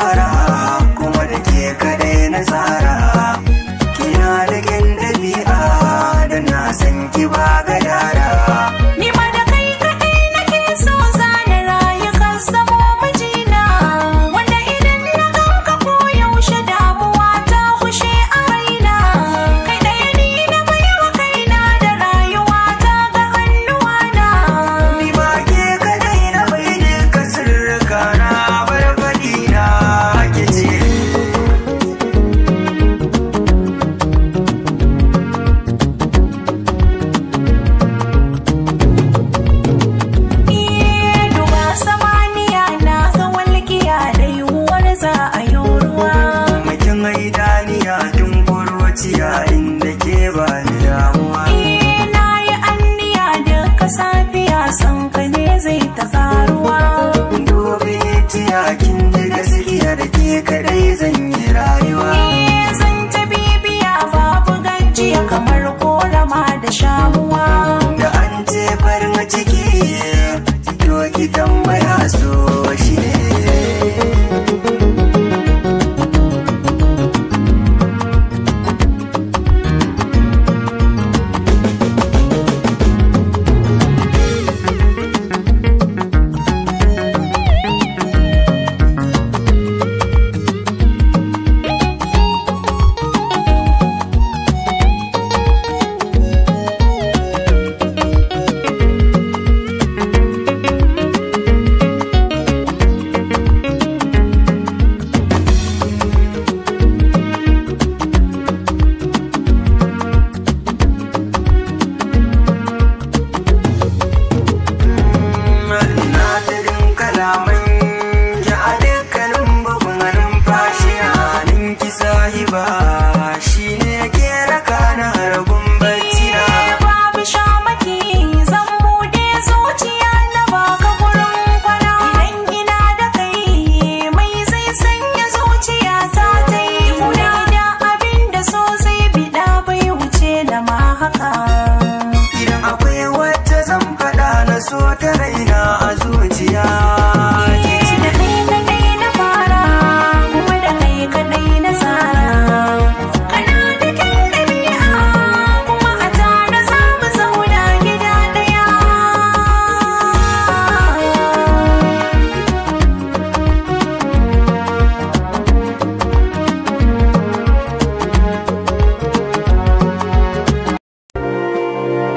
para mun ji a dukkanin bugun numfashi a hannun ki sahiba